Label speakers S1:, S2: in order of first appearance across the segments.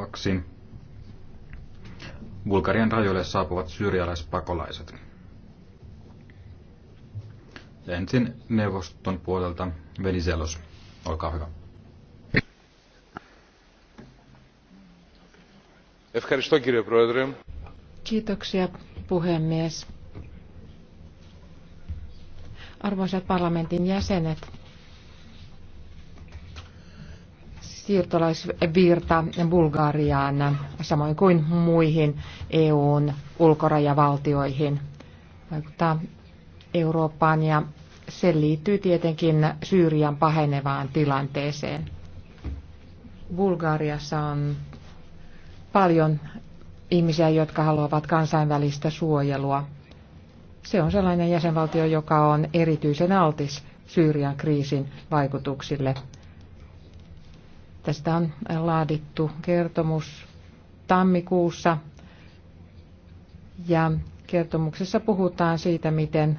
S1: Seuraavaksi Bulgarian rajoille saapuvat syyrialaispakolaiset. Ja ensin neuvoston puolelta Venizelos. Olkaa hyvä.
S2: Kiitoksia puhemies. Arvoisat parlamentin jäsenet, siirtolaisvirta Bulgariaan, samoin kuin muihin EUn ulkorajavaltioihin. Vaikuttaa Eurooppaan ja se liittyy tietenkin Syyrian pahenevaan tilanteeseen. Bulgariassa on paljon ihmisiä, jotka haluavat kansainvälistä suojelua. Se on sellainen jäsenvaltio, joka on erityisen altis Syyrian kriisin vaikutuksille Tästä on laadittu kertomus tammikuussa ja kertomuksessa puhutaan siitä, miten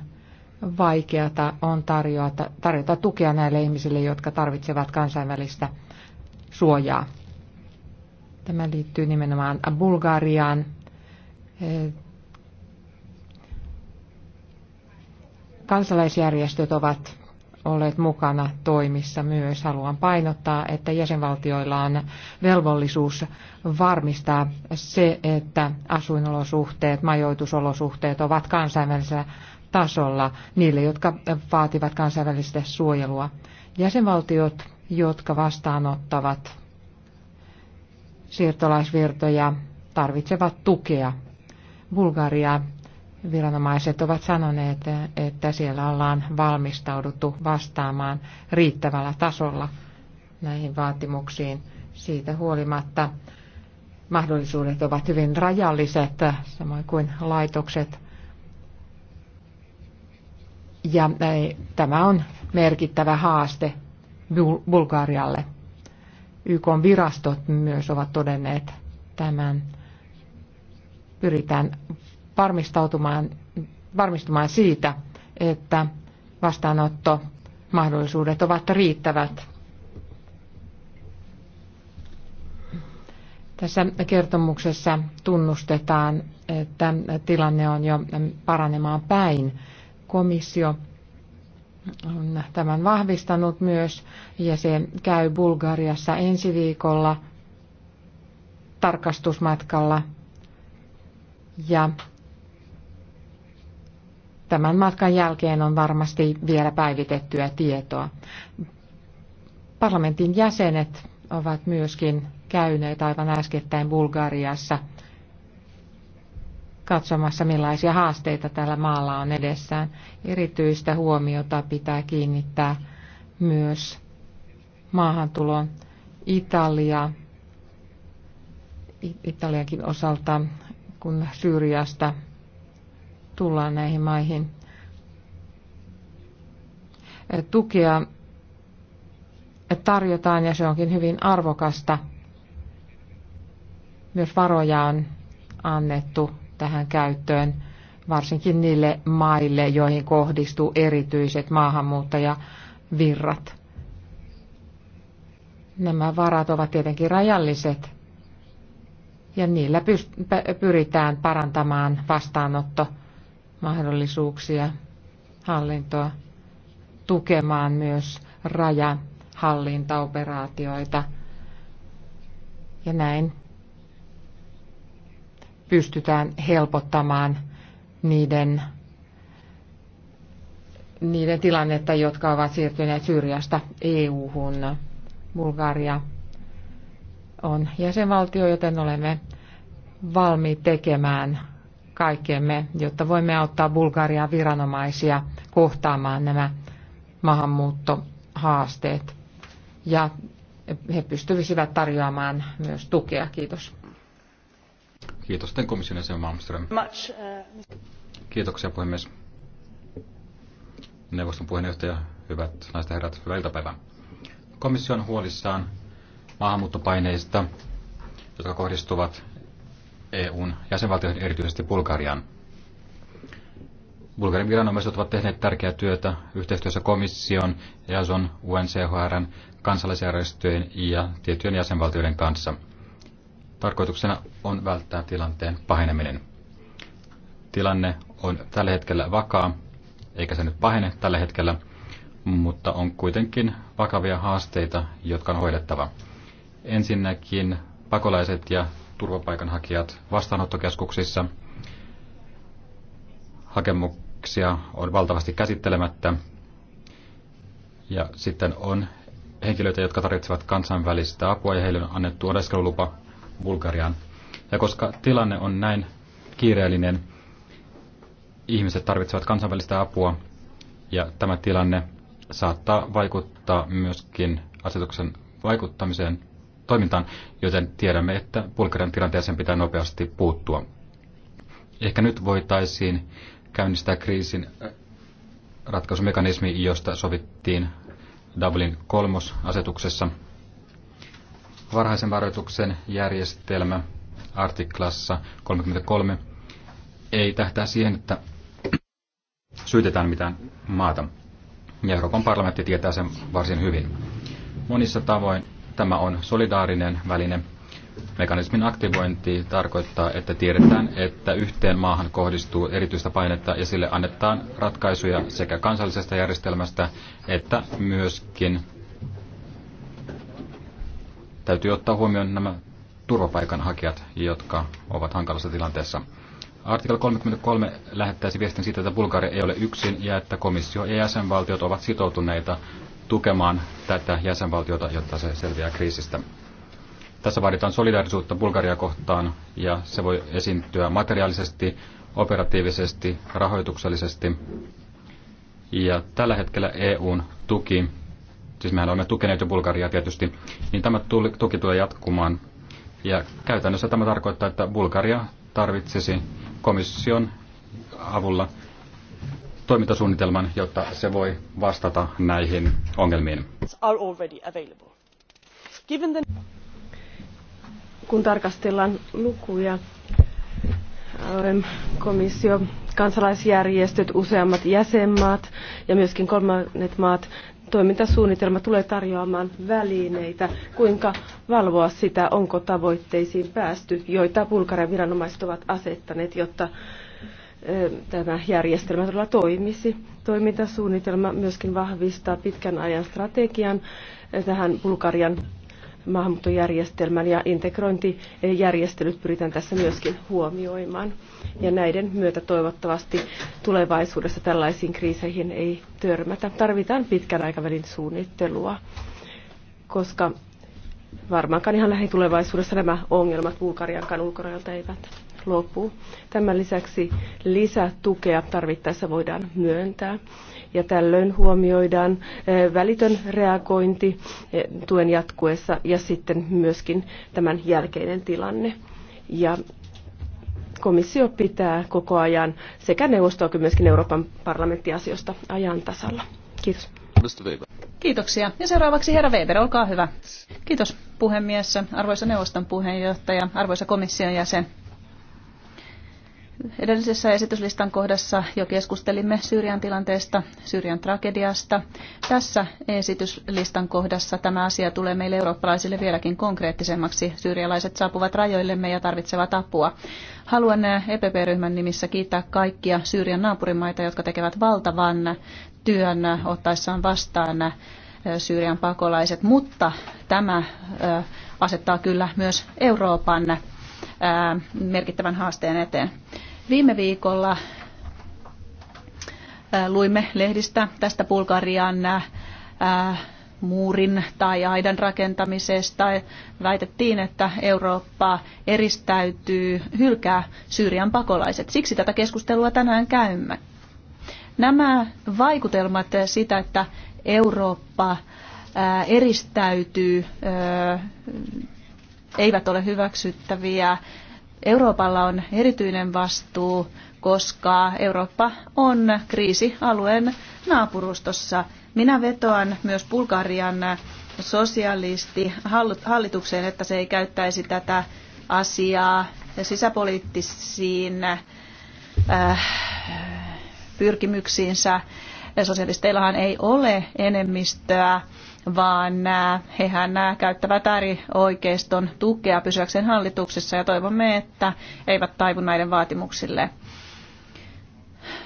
S2: vaikeata on tarjota, tarjota tukea näille ihmisille, jotka tarvitsevat kansainvälistä suojaa. Tämä liittyy nimenomaan Bulgariaan. Kansalaisjärjestöt ovat olleet mukana toimissa myös. Haluan painottaa, että jäsenvaltioilla on velvollisuus varmistaa se, että asuinolosuhteet, majoitusolosuhteet ovat kansainvälisellä tasolla niille, jotka vaativat kansainvälistä suojelua. Jäsenvaltiot, jotka vastaanottavat siirtolaisvirtoja, tarvitsevat tukea. Bulgaria viranomaiset ovat sanoneet, että siellä ollaan valmistauduttu vastaamaan riittävällä tasolla näihin vaatimuksiin. Siitä huolimatta mahdollisuudet ovat hyvin rajalliset, samoin kuin laitokset. Ja tämä on merkittävä haaste Bulgarialle. YK-virastot myös ovat todenneet tämän. Pyritään varmistautumaan, varmistumaan siitä, että vastaanotto mahdollisuudet ovat riittävät. Tässä kertomuksessa tunnustetaan, että tilanne on jo paranemaan päin. Komissio on tämän vahvistanut myös ja se käy Bulgariassa ensi viikolla tarkastusmatkalla ja Tämän matkan jälkeen on varmasti vielä päivitettyä tietoa. Parlamentin jäsenet ovat myöskin käyneet aivan äskettäin Bulgariassa katsomassa, millaisia haasteita tällä maalla on edessään. Erityistä huomiota pitää kiinnittää myös maahantulon Italia, italiankin osalta, kun Syyriasta tullaan näihin maihin. Tukea tarjotaan ja se onkin hyvin arvokasta. Myös varoja on annettu tähän käyttöön, varsinkin niille maille, joihin kohdistuu erityiset maahanmuuttajavirrat. Nämä varat ovat tietenkin rajalliset ja niillä pyritään parantamaan vastaanotto- mahdollisuuksia hallintoa tukemaan myös rajahallintaoperaatioita. Ja näin pystytään helpottamaan niiden, niiden tilannetta, jotka ovat siirtyneet Syyriasta EU-hun. Bulgaria on jäsenvaltio, joten olemme valmiit tekemään kaikkemme, jotta voimme auttaa Bulgarian viranomaisia kohtaamaan nämä maahanmuuttohaasteet. Ja he pystyisivät tarjoamaan myös tukea. Kiitos.
S1: Kiitos sitten komission jäsen Malmström.
S3: Uh,
S1: Kiitoksia puhemies. Neuvoston puheenjohtaja, hyvät naiset ja herrat, hyvää iltapäivää. Komission huolissaan maahanmuuttopaineista, jotka kohdistuvat EUn jäsenvaltioihin, erityisesti Bulgarian. Bulgarian viranomaiset ovat tehneet tärkeää työtä yhteistyössä komission, EASON, UNCHR, kansalaisjärjestöjen ja tiettyjen jäsenvaltioiden kanssa. Tarkoituksena on välttää tilanteen paheneminen. Tilanne on tällä hetkellä vakaa, eikä se nyt pahene tällä hetkellä, mutta on kuitenkin vakavia haasteita, jotka on hoidettava. Ensinnäkin pakolaiset ja turvapaikanhakijat vastaanottokeskuksissa. Hakemuksia on valtavasti käsittelemättä. Ja sitten on henkilöitä, jotka tarvitsevat kansainvälistä apua ja heille on annettu oleskelulupa Bulgariaan. Ja koska tilanne on näin kiireellinen, ihmiset tarvitsevat kansainvälistä apua ja tämä tilanne saattaa vaikuttaa myöskin asetuksen vaikuttamiseen toimintaan, joten tiedämme, että Bulgarian tilanteeseen pitää nopeasti puuttua. Ehkä nyt voitaisiin käynnistää kriisin äh, ratkaisumekanismi, josta sovittiin Dublin kolmosasetuksessa. Varhaisen varoituksen järjestelmä artiklassa 33 ei tähtää siihen, että syytetään mitään maata. Ja Euroopan parlamentti tietää sen varsin hyvin. Monissa tavoin Tämä on solidaarinen väline. Mekanismin aktivointi tarkoittaa, että tiedetään, että yhteen maahan kohdistuu erityistä painetta ja sille annetaan ratkaisuja sekä kansallisesta järjestelmästä että myöskin täytyy ottaa huomioon nämä turvapaikanhakijat, jotka ovat hankalassa tilanteessa. Artikla 33 lähettäisi viestin siitä, että Bulgaria ei ole yksin ja että komissio ja jäsenvaltiot ovat sitoutuneita tukemaan tätä jäsenvaltiota, jotta se selviää kriisistä. Tässä vaaditaan solidaarisuutta Bulgaria kohtaan ja se voi esiintyä materiaalisesti, operatiivisesti, rahoituksellisesti. Ja tällä hetkellä EUn tuki, siis mehän olemme tukeneet jo Bulgaria tietysti, niin tämä tuki tulee jatkumaan. Ja käytännössä tämä tarkoittaa, että Bulgaria tarvitsisi komission avulla – toimintasuunnitelman, jotta se voi vastata näihin ongelmiin.
S4: Kun tarkastellaan lukuja, komissio, kansalaisjärjestöt, useammat jäsenmaat ja myöskin kolmannet maat toimintasuunnitelma tulee tarjoamaan välineitä, kuinka valvoa sitä, onko tavoitteisiin päästy, joita Bulgarian viranomaiset ovat asettaneet, jotta tämä järjestelmä todella toimisi. Toimintasuunnitelma myöskin vahvistaa pitkän ajan strategian tähän Bulgarian maahanmuuttojärjestelmän ja integrointijärjestelyt pyritään tässä myöskin huomioimaan. Ja näiden myötä toivottavasti tulevaisuudessa tällaisiin kriiseihin ei törmätä. Tarvitaan pitkän aikavälin suunnittelua, koska varmaankaan ihan lähitulevaisuudessa nämä ongelmat Bulgarian ulkorajalta eivät lopu. Tämän lisäksi lisätukea tarvittaessa voidaan myöntää. Ja tällöin huomioidaan eh, välitön reagointi eh, tuen jatkuessa ja sitten myöskin tämän jälkeinen tilanne. Ja komissio pitää koko ajan sekä neuvostoa kuin myöskin Euroopan parlamenttiasioista ajan tasalla. Kiitos.
S3: Kiitoksia. Ja seuraavaksi herra Weber, olkaa hyvä. Kiitos puhemies, arvoisa neuvoston puheenjohtaja, arvoisa komission jäsen. Edellisessä esityslistan kohdassa jo keskustelimme Syyrian tilanteesta, Syyrian tragediasta. Tässä esityslistan kohdassa tämä asia tulee meille eurooppalaisille vieläkin konkreettisemmaksi. Syyrialaiset saapuvat rajoillemme ja tarvitsevat apua. Haluan EPP-ryhmän nimissä kiittää kaikkia Syyrian naapurimaita, jotka tekevät valtavan työn ottaessaan vastaan Syyrian pakolaiset, mutta tämä asettaa kyllä myös Euroopan merkittävän haasteen eteen. Viime viikolla luimme lehdistä tästä Bulgarian muurin tai aidan rakentamisesta. Väitettiin, että Eurooppa eristäytyy, hylkää Syyrian pakolaiset. Siksi tätä keskustelua tänään käymme. Nämä vaikutelmat sitä, että Eurooppa eristäytyy, eivät ole hyväksyttäviä. Euroopalla on erityinen vastuu, koska Eurooppa on kriisialueen naapurustossa. Minä vetoan myös Bulgarian sosialisti hallitukseen, että se ei käyttäisi tätä asiaa sisäpoliittisiin äh, pyrkimyksiinsä. Sosialisteillahan ei ole enemmistöä vaan äh, hehän äh, käyttävät äärioikeiston tukea pysyäkseen hallituksessa ja toivomme, että eivät taivu näiden vaatimuksille.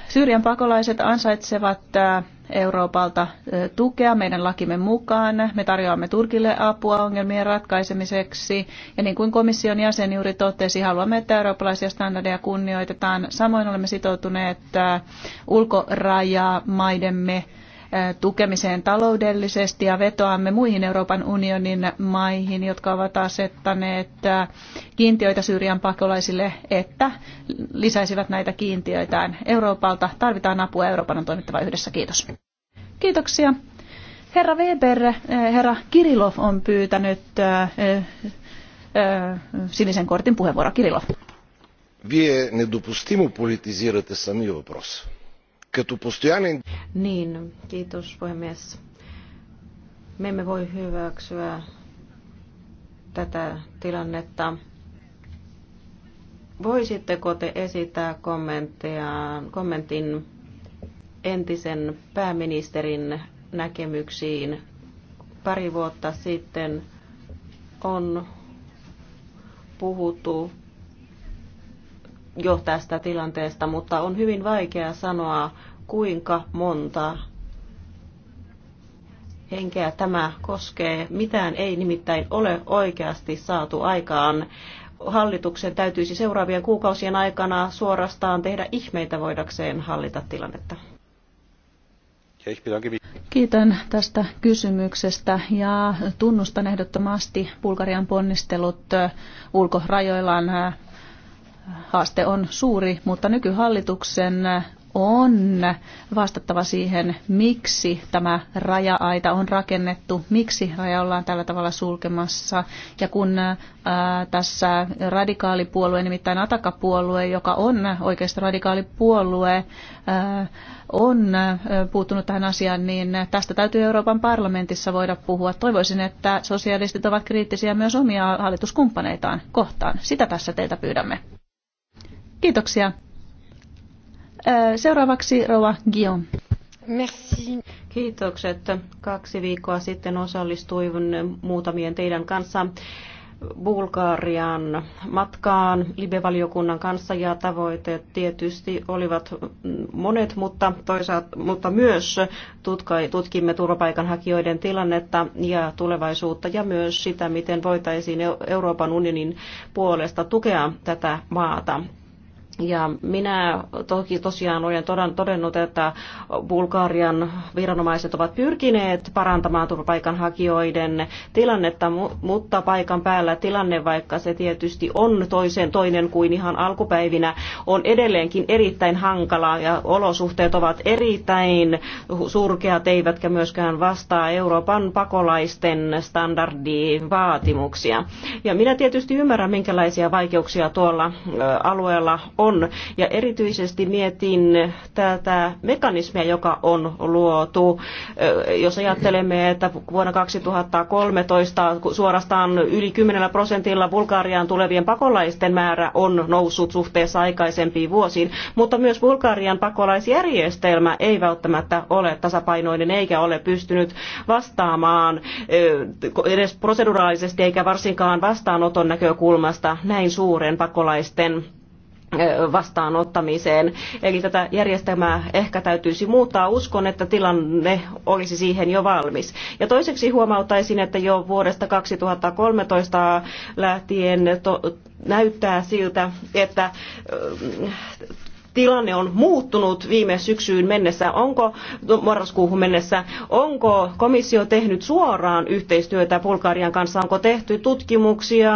S3: Syyrian pakolaiset ansaitsevat äh, Euroopalta tukea meidän lakimme mukaan. Me tarjoamme Turkille apua ongelmien ratkaisemiseksi. Ja niin kuin komission jäsen juuri totesi, haluamme, että eurooppalaisia standardeja kunnioitetaan. Samoin olemme sitoutuneet ulkorajamaidemme maidemme tukemiseen taloudellisesti ja vetoamme muihin Euroopan unionin maihin, jotka ovat asettaneet kiintiöitä Syyrian pakolaisille, että lisäisivät näitä kiintiöitään Euroopalta. Tarvitaan apua, Euroopan on toimittava yhdessä. Kiitos. Kiitoksia. Herra Weber, herra Kirilov on pyytänyt sinisen kortin puheenvuoro. Kirilov.
S4: Вие недопустимо политизирате сами въпроса
S5: niin, kiitos puhemies. Me emme voi hyväksyä tätä tilannetta. Voisitteko te esittää kommentin entisen pääministerin näkemyksiin pari vuotta sitten on puhuttu jo tästä tilanteesta, mutta on hyvin vaikea sanoa, kuinka monta henkeä tämä koskee. Mitään ei nimittäin ole oikeasti saatu aikaan. Hallituksen täytyisi seuraavien kuukausien aikana suorastaan tehdä ihmeitä voidakseen hallita tilannetta.
S3: Kiitän tästä kysymyksestä ja tunnustan ehdottomasti Bulgarian ponnistelut ulkorajoillaan haaste on suuri, mutta nykyhallituksen on vastattava siihen, miksi tämä raja-aita on rakennettu, miksi raja ollaan tällä tavalla sulkemassa. Ja kun ää, tässä radikaalipuolue, nimittäin Ataka-puolue, joka on oikeastaan radikaalipuolue, ää, on ää, puuttunut tähän asiaan, niin tästä täytyy Euroopan parlamentissa voida puhua. Toivoisin, että sosialistit ovat kriittisiä myös omia hallituskumppaneitaan kohtaan. Sitä tässä teiltä pyydämme. Kiitoksia. Seuraavaksi Rova Gion. Merci. Kiitokset. Kaksi viikkoa
S5: sitten osallistuin muutamien teidän kanssa Bulgarian matkaan Libe-valiokunnan kanssa ja tavoitteet tietysti olivat monet, mutta, toisaat, mutta myös tutkimme turvapaikanhakijoiden tilannetta ja tulevaisuutta ja myös sitä, miten voitaisiin Euroopan unionin puolesta tukea tätä maata. Ja minä toki tosiaan olen todennut, että Bulgarian viranomaiset ovat pyrkineet parantamaan turvapaikanhakijoiden tilannetta, mutta paikan päällä tilanne, vaikka se tietysti on toisen toinen kuin ihan alkupäivinä, on edelleenkin erittäin hankala ja olosuhteet ovat erittäin surkeat, eivätkä myöskään vastaa Euroopan pakolaisten standardivaatimuksia. Ja minä tietysti ymmärrän, minkälaisia vaikeuksia tuolla alueella on on. Ja erityisesti mietin tätä mekanismia, joka on luotu. Jos ajattelemme, että vuonna 2013 suorastaan yli 10 prosentilla Bulgariaan tulevien pakolaisten määrä on noussut suhteessa aikaisempiin vuosiin, mutta myös Bulgarian pakolaisjärjestelmä ei välttämättä ole tasapainoinen eikä ole pystynyt vastaamaan edes proseduraalisesti eikä varsinkaan vastaanoton näkökulmasta näin suuren pakolaisten vastaanottamiseen. Eli tätä järjestelmää ehkä täytyisi muuttaa. Uskon, että tilanne olisi siihen jo valmis. Ja toiseksi huomauttaisin, että jo vuodesta 2013 lähtien näyttää siltä, että tilanne on muuttunut viime syksyyn mennessä, onko no, marraskuuhun mennessä, onko komissio tehnyt suoraan yhteistyötä Bulgarian kanssa, onko tehty tutkimuksia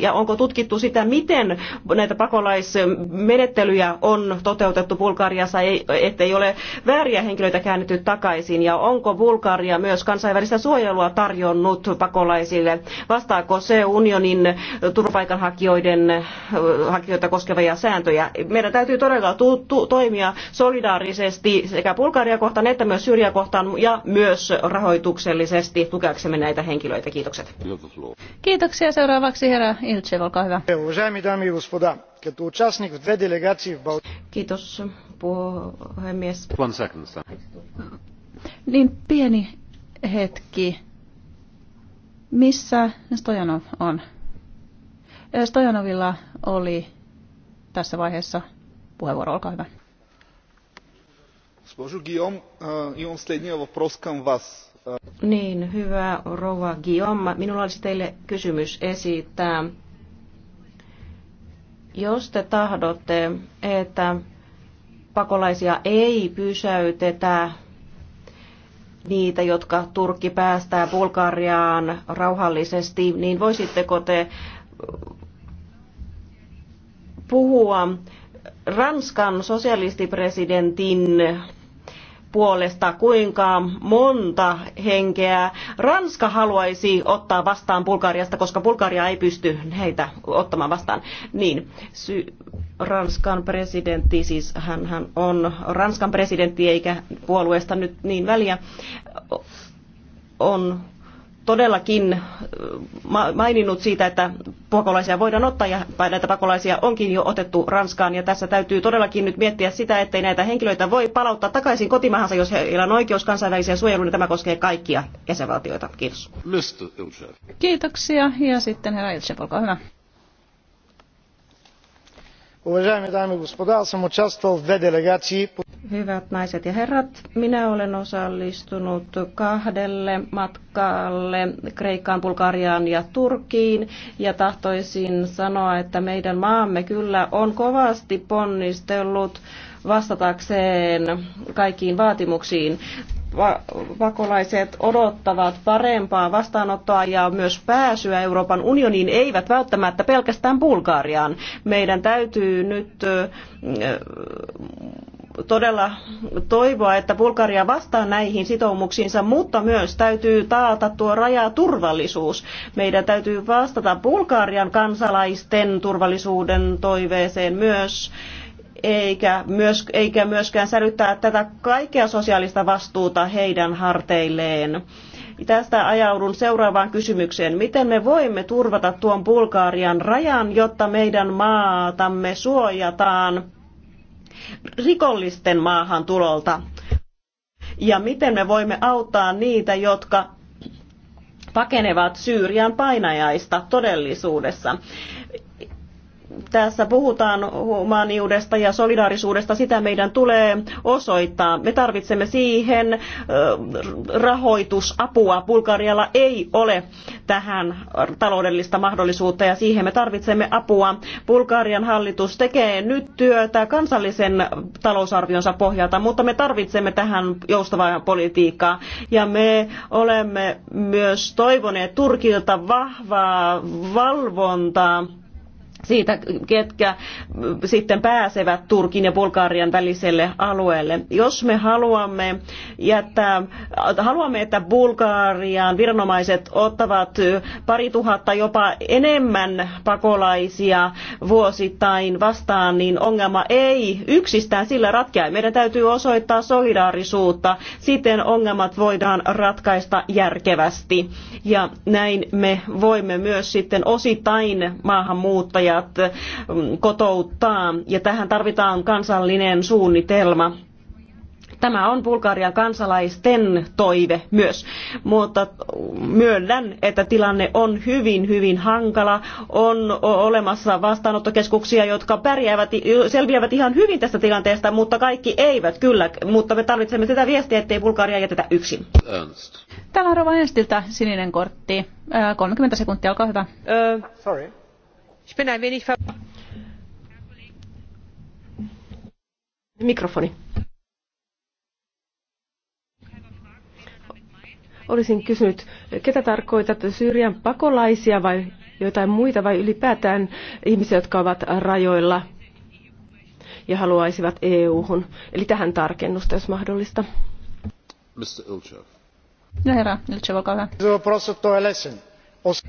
S5: ja, onko tutkittu sitä, miten näitä pakolaismenettelyjä on toteutettu Bulgariassa, ettei ole vääriä henkilöitä käännetty takaisin ja onko Bulgaria myös kansainvälistä suojelua tarjonnut pakolaisille, vastaako se unionin turvapaikanhakijoiden hakijoita koskevia sääntöjä meidän täytyy todella toimia solidaarisesti sekä Bulgaria kohtaan että myös Syyriä kohtaan ja myös rahoituksellisesti tukeaksemme näitä henkilöitä. Kiitokset.
S3: Kiitoksia. Seuraavaksi herra Iltsev, olkaa hyvä. Kiitos puhemies.
S1: One second, sir.
S3: Niin pieni hetki. Missä Stojanov on? Stojanovilla oli tässä vaiheessa puheenvuoro, olkaa hyvä.
S1: Euh, euh.
S5: Niin, hyvä rouva Guillaume. Minulla olisi teille kysymys esittää. Jos te tahdotte, että pakolaisia ei pysäytetä niitä, jotka Turkki päästää Bulgariaan rauhallisesti, niin voisitteko te puhua Ranskan sosialistipresidentin puolesta, kuinka monta henkeä Ranska haluaisi ottaa vastaan Bulgariasta, koska Bulgaria ei pysty heitä ottamaan vastaan. Niin, sy- Ranskan presidentti, siis hän, hän on Ranskan presidentti eikä puolueesta nyt niin väliä, on todellakin maininnut siitä, että pakolaisia voidaan ottaa ja näitä pakolaisia onkin jo otettu Ranskaan ja tässä täytyy todellakin nyt miettiä sitä, ettei näitä henkilöitä voi palauttaa takaisin kotimaahansa, jos heillä on oikeus kansainväliseen suojeluun Niin tämä koskee kaikkia
S1: jäsenvaltioita. Kiitos.
S3: Kiitoksia ja sitten herra Ilchev, olkaa hyvä.
S5: Hyvät naiset ja herrat, minä olen osallistunut kahdelle matkalle Kreikkaan, Bulgariaan ja Turkiin ja tahtoisin sanoa, että meidän maamme kyllä on kovasti ponnistellut vastatakseen kaikkiin vaatimuksiin pakolaiset odottavat parempaa vastaanottoa ja myös pääsyä Euroopan unioniin, eivät välttämättä pelkästään Bulgariaan. Meidän täytyy nyt todella toivoa, että Bulgaria vastaa näihin sitoumuksiinsa, mutta myös täytyy taata tuo rajaturvallisuus. Meidän täytyy vastata Bulgarian kansalaisten turvallisuuden toiveeseen myös eikä, myös, eikä myöskään sälyttää tätä kaikkea sosiaalista vastuuta heidän harteilleen. Tästä ajaudun seuraavaan kysymykseen. Miten me voimme turvata tuon Bulgarian rajan, jotta meidän maatamme suojataan rikollisten maahan tulolta? Ja miten me voimme auttaa niitä, jotka pakenevat Syyrian painajaista todellisuudessa tässä puhutaan humaniudesta ja solidaarisuudesta, sitä meidän tulee osoittaa. Me tarvitsemme siihen rahoitusapua. Bulgarialla ei ole tähän taloudellista mahdollisuutta ja siihen me tarvitsemme apua. Bulgarian hallitus tekee nyt työtä kansallisen talousarvionsa pohjalta, mutta me tarvitsemme tähän joustavaa politiikkaa ja me olemme myös toivoneet Turkilta vahvaa valvontaa siitä, ketkä sitten pääsevät Turkin ja Bulgarian väliselle alueelle. Jos me haluamme, jättää, haluamme että Bulgarian viranomaiset ottavat pari tuhatta jopa enemmän pakolaisia vuosittain vastaan, niin ongelma ei yksistään sillä ratkea. Meidän täytyy osoittaa solidaarisuutta, siten ongelmat voidaan ratkaista järkevästi. Ja näin me voimme myös sitten osittain maahanmuuttajia opettajat mm, kotouttaa. Ja tähän tarvitaan kansallinen suunnitelma. Tämä on Bulgarian kansalaisten toive myös, mutta myönnän, että tilanne on hyvin, hyvin hankala. On olemassa vastaanottokeskuksia, jotka pärjäävät, selviävät ihan hyvin tästä tilanteesta, mutta kaikki eivät kyllä. Mutta me tarvitsemme sitä viestiä, ettei Bulgaria jätetä yksin.
S3: Täällä on Rova Enstiltä sininen kortti. 30 sekuntia, olkaa hyvä.
S2: Uh, sorry. Ich bin ein wenig
S4: Mikrofoni. Olisin kysynyt, ketä tarkoitat, Syyrian pakolaisia vai jotain muita vai ylipäätään ihmisiä, jotka ovat rajoilla ja haluaisivat EU-hun? Eli tähän tarkennusta, jos mahdollista.
S1: Mr. Ilchev.
S4: No herra,
S5: Ilchev, olkaa hyvä.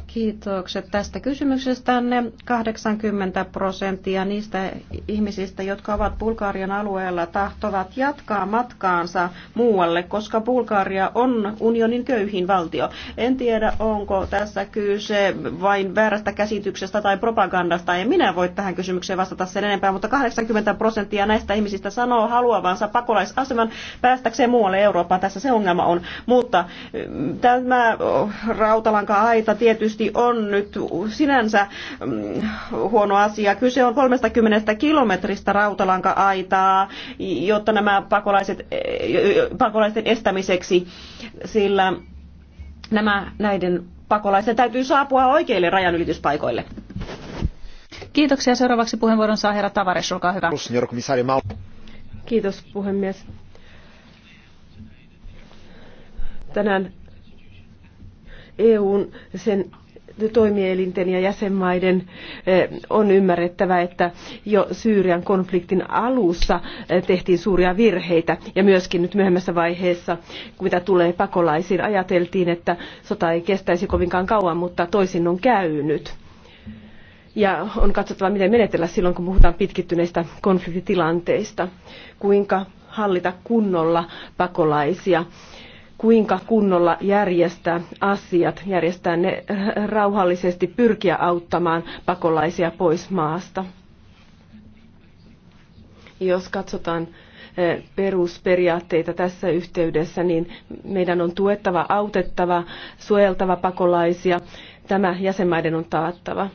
S5: Kiitokset tästä kysymyksestänne. 80 prosenttia niistä ihmisistä, jotka ovat Bulgarian alueella, tahtovat jatkaa matkaansa muualle, koska Bulgaria on unionin köyhin valtio. En tiedä, onko tässä kyse vain väärästä käsityksestä tai propagandasta. En minä voi tähän kysymykseen vastata sen enempää, mutta 80 prosenttia näistä ihmisistä sanoo haluavansa pakolaisaseman päästäkseen muualle Eurooppaan. Tässä se ongelma on. Mutta mm, tämä oh, rautalanka-aita tie tietysti on nyt sinänsä mm, huono asia. Kyse on 30 kilometristä rautalanka-aitaa, jotta nämä pakolaiset, e, pakolaisten estämiseksi, sillä nämä näiden pakolaisten täytyy saapua oikeille rajanylityspaikoille.
S3: Kiitoksia. Seuraavaksi puheenvuoron saa herra Tavares, olkaa hyvä. Kiitos puhemies. Tänään
S4: EUn sen toimielinten ja jäsenmaiden on ymmärrettävä, että jo Syyrian konfliktin alussa tehtiin suuria virheitä ja myöskin nyt myöhemmässä vaiheessa, mitä tulee pakolaisiin, ajateltiin, että sota ei kestäisi kovinkaan kauan, mutta toisin on käynyt. Ja on katsottava, miten menetellä silloin, kun puhutaan pitkittyneistä konfliktitilanteista, kuinka hallita kunnolla pakolaisia kuinka kunnolla järjestää asiat, järjestää ne rauhallisesti, pyrkiä auttamaan pakolaisia pois maasta. Jos katsotaan eh, perusperiaatteita tässä yhteydessä, niin meidän on tuettava, autettava, suojeltava pakolaisia. Tämä jäsenmaiden on taattava.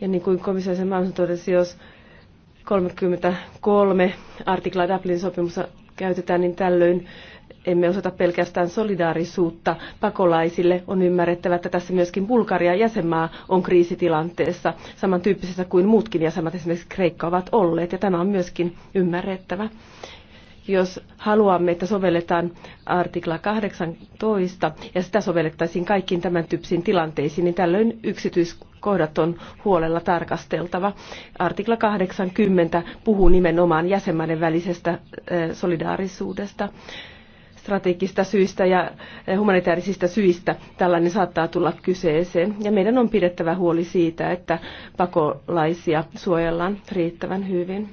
S4: Ja niin kuin komissio sen totesi, jos 33 artikla Dublin sopimusta käytetään, niin tällöin emme osoita pelkästään solidaarisuutta pakolaisille. On ymmärrettävä, että tässä myöskin Bulgaria jäsenmaa on kriisitilanteessa samantyyppisessä kuin muutkin jäsenmaat, esimerkiksi Kreikka, ovat olleet. Ja tämä on myöskin ymmärrettävä. Jos haluamme, että sovelletaan artikla 18 ja sitä sovellettaisiin kaikkiin tämän tyyppisiin tilanteisiin, niin tällöin yksityiskohdat on huolella tarkasteltava. Artikla 80 puhuu nimenomaan jäsenmaiden välisestä solidaarisuudesta strategista syistä ja humanitaarisista syistä tällainen saattaa tulla kyseeseen. Ja meidän on pidettävä huoli siitä, että pakolaisia suojellaan riittävän hyvin.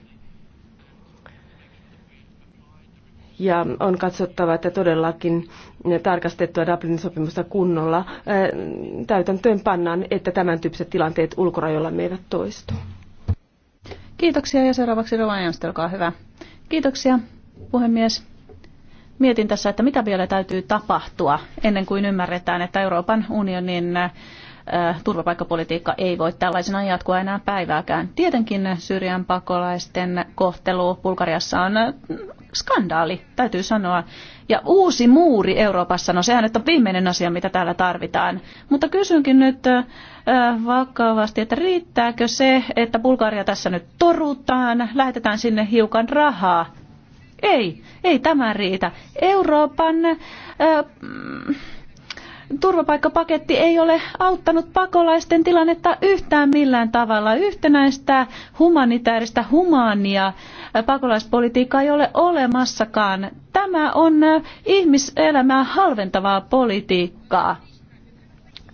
S4: ja on katsottava, että todellakin tarkastettua Dublinin sopimusta kunnolla täytäntöön pannaan, että tämän tyyppiset tilanteet
S3: ulkorajoilla meidät toistu. Kiitoksia ja seuraavaksi Rovan olkaa hyvä. Kiitoksia puhemies mietin tässä, että mitä vielä täytyy tapahtua ennen kuin ymmärretään, että Euroopan unionin turvapaikkapolitiikka ei voi tällaisena jatkua enää päivääkään. Tietenkin Syyrian pakolaisten kohtelu Bulgariassa on skandaali, täytyy sanoa. Ja uusi muuri Euroopassa, no sehän nyt on viimeinen asia, mitä täällä tarvitaan. Mutta kysynkin nyt vakavasti, että riittääkö se, että Bulgaria tässä nyt torutaan, lähetetään sinne hiukan rahaa ei, ei tämä riitä. Euroopan äh, turvapaikkapaketti ei ole auttanut pakolaisten tilannetta yhtään millään tavalla. Yhtenäistä humanitaarista humaania pakolaispolitiikkaa ei ole olemassakaan. Tämä on ihmiselämää halventavaa politiikkaa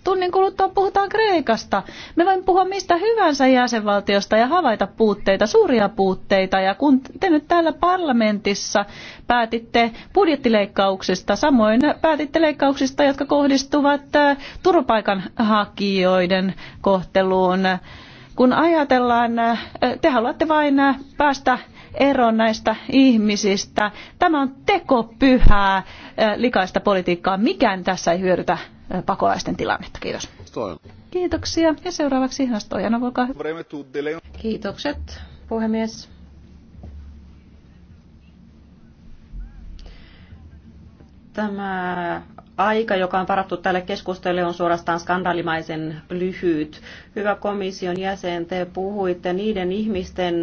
S3: tunnin kuluttua puhutaan Kreikasta. Me voimme puhua mistä hyvänsä jäsenvaltiosta ja havaita puutteita, suuria puutteita. Ja kun te nyt täällä parlamentissa päätitte budjettileikkauksista, samoin päätitte leikkauksista, jotka kohdistuvat äh, turvapaikanhakijoiden kohteluun, kun ajatellaan, äh, te haluatte vain äh, päästä eroon näistä ihmisistä. Tämä on tekopyhää likaista politiikkaa. Mikään tässä ei hyödytä pakolaisten tilannetta. Kiitos. Kiitoksia. Ja seuraavaksi Nastojana, olkaa hyvä. Kiitokset, puhemies.
S5: Tämä aika, joka on varattu tälle keskustelulle, on suorastaan skandaalimaisen lyhyt. Hyvä komission jäsen, te puhuitte niiden ihmisten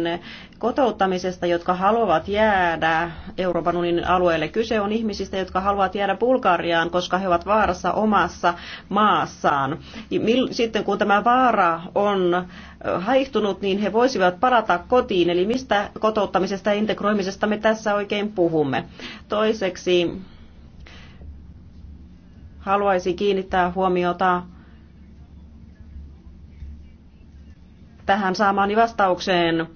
S5: kotouttamisesta, jotka haluavat jäädä Euroopan unionin alueelle. Kyse on ihmisistä, jotka haluavat jäädä Bulgariaan, koska he ovat vaarassa omassa maassaan. Sitten kun tämä vaara on äh, haihtunut, niin he voisivat palata kotiin. Eli mistä kotouttamisesta ja integroimisesta me tässä oikein puhumme? Toiseksi haluaisin kiinnittää huomiota tähän saamaani vastaukseen.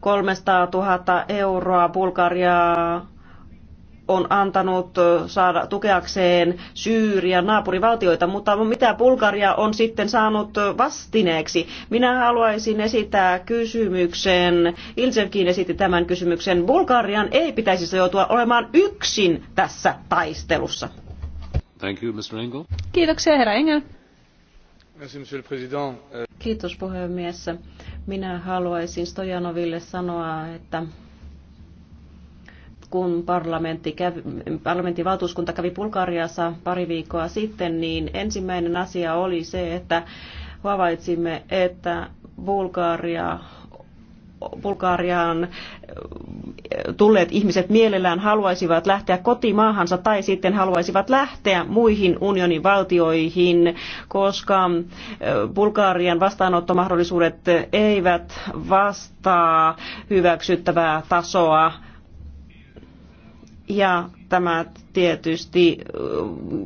S5: 300 000 euroa Bulgariaa on antanut saada tukeakseen Syyrian naapurivaltioita, mutta mitä Bulgaria on sitten saanut vastineeksi? Minä haluaisin esittää kysymyksen, Ilsevkin esitti tämän kysymyksen, Bulgarian ei pitäisi joutua olemaan yksin tässä taistelussa. Kiitoksia, herra Engel.
S1: Euh,
S5: Kiitos puhemies. Minä haluaisin Stojanoville sanoa, että kun parlamentti kävi, parlamentin valtuuskunta kävi Bulgariassa pari viikkoa sitten, niin ensimmäinen asia oli se, että havaitsimme, että Bulgaria Bulgariaan eh, tulleet ihmiset mielellään haluaisivat lähteä kotimaahansa tai sitten haluaisivat lähteä muihin unionin valtioihin, koska eh, Bulgarian vastaanottomahdollisuudet eivät vastaa hyväksyttävää tasoa ja tämä tietysti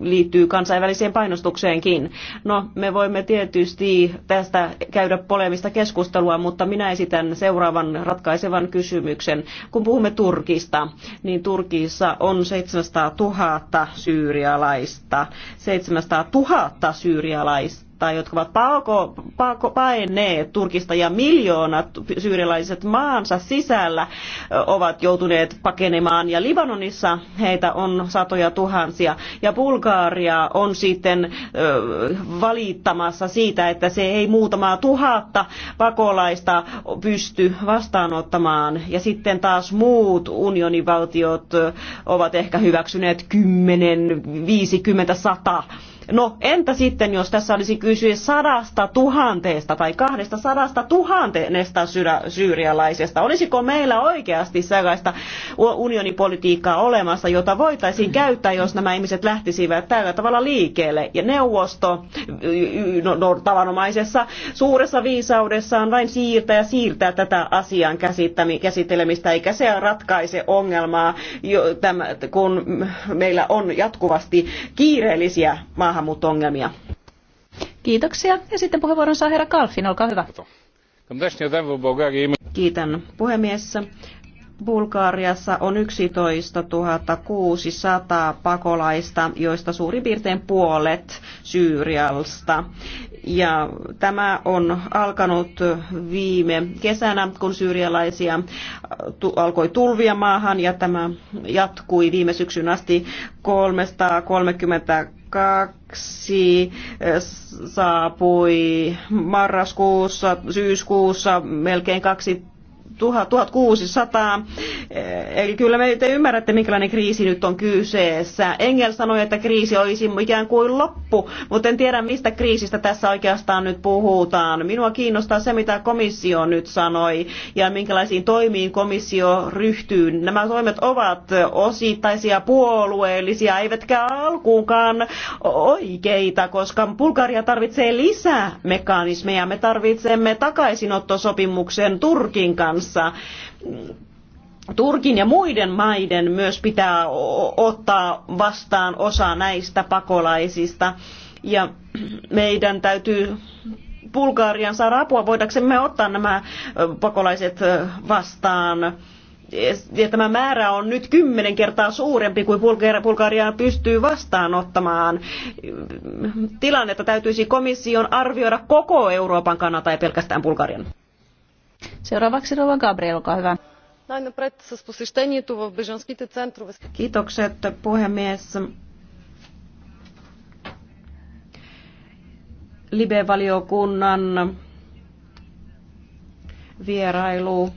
S5: liittyy kansainväliseen painostukseenkin. No, me voimme tietysti tästä käydä polemista keskustelua, mutta minä esitän seuraavan ratkaisevan kysymyksen. Kun puhumme Turkista, niin Turkissa on 700 000 syyrialaista. 700 000 syyrialaista tai jotka ovat paoko, paoko, paenneet Turkista ja miljoonat syyrialaiset maansa sisällä ovat joutuneet pakenemaan ja Libanonissa heitä on satoja tuhansia ja Bulgaria on sitten valittamassa siitä, että se ei muutamaa tuhatta pakolaista pysty vastaanottamaan ja sitten taas muut unionivaltiot ovat ehkä hyväksyneet 10, 50, 100 No entä sitten, jos tässä olisi kysyä sadasta tuhanteesta tai kahdesta sadasta tuhannesta syyrialaisesta? Olisiko meillä oikeasti sellaista unionipolitiikkaa olemassa, jota voitaisiin mm. käyttää, jos nämä ihmiset lähtisivät tällä tavalla liikkeelle? Ja neuvosto no, no, tavanomaisessa suuressa viisaudessaan vain siirtää ja siirtää tätä asian käsittelemistä, eikä se ratkaise ongelmaa, kun meillä on jatkuvasti kiireellisiä mahdollisuuksia maahanmuuttoongelmia.
S3: Kiitoksia. Ja sitten puheenvuoron saa herra Kalfin, olkaa hyvä. Kiitän puhemies.
S5: Bulgaariassa on 11 600 pakolaista, joista suurin piirtein puolet Syyrialsta. Ja tämä on alkanut viime kesänä, kun syyrialaisia alkoi tulvia maahan ja tämä jatkui viime syksyn asti 330 kaksi eh, saapui marraskuussa, syyskuussa melkein kaksi 1600. Eli kyllä me te ymmärrätte, minkälainen kriisi nyt on kyseessä. Engel sanoi, että kriisi olisi ikään kuin loppu, mutta en tiedä, mistä kriisistä tässä oikeastaan nyt puhutaan. Minua kiinnostaa se, mitä komissio nyt sanoi ja minkälaisiin toimiin komissio ryhtyy. Nämä toimet ovat osittaisia puolueellisia, eivätkä alkuunkaan oikeita, koska Bulgaria tarvitsee lisää mekanismeja. Me tarvitsemme takaisinottosopimuksen Turkin kanssa kanssa. Turkin ja muiden maiden myös pitää ottaa vastaan osa näistä pakolaisista. Ja meidän täytyy Bulgarian saada apua, voidaksemme ottaa nämä pakolaiset vastaan. Ja tämä määrä on nyt kymmenen kertaa suurempi kuin Bulgaria pystyy vastaanottamaan. Tilannetta täytyisi komission arvioida koko Euroopan kannalta ja pelkästään Bulgarian.
S3: Seuraavaksi Rova Gabriel, olkaa hyvä.
S5: Kiitokset puhemies. Libe-valiokunnan vierailu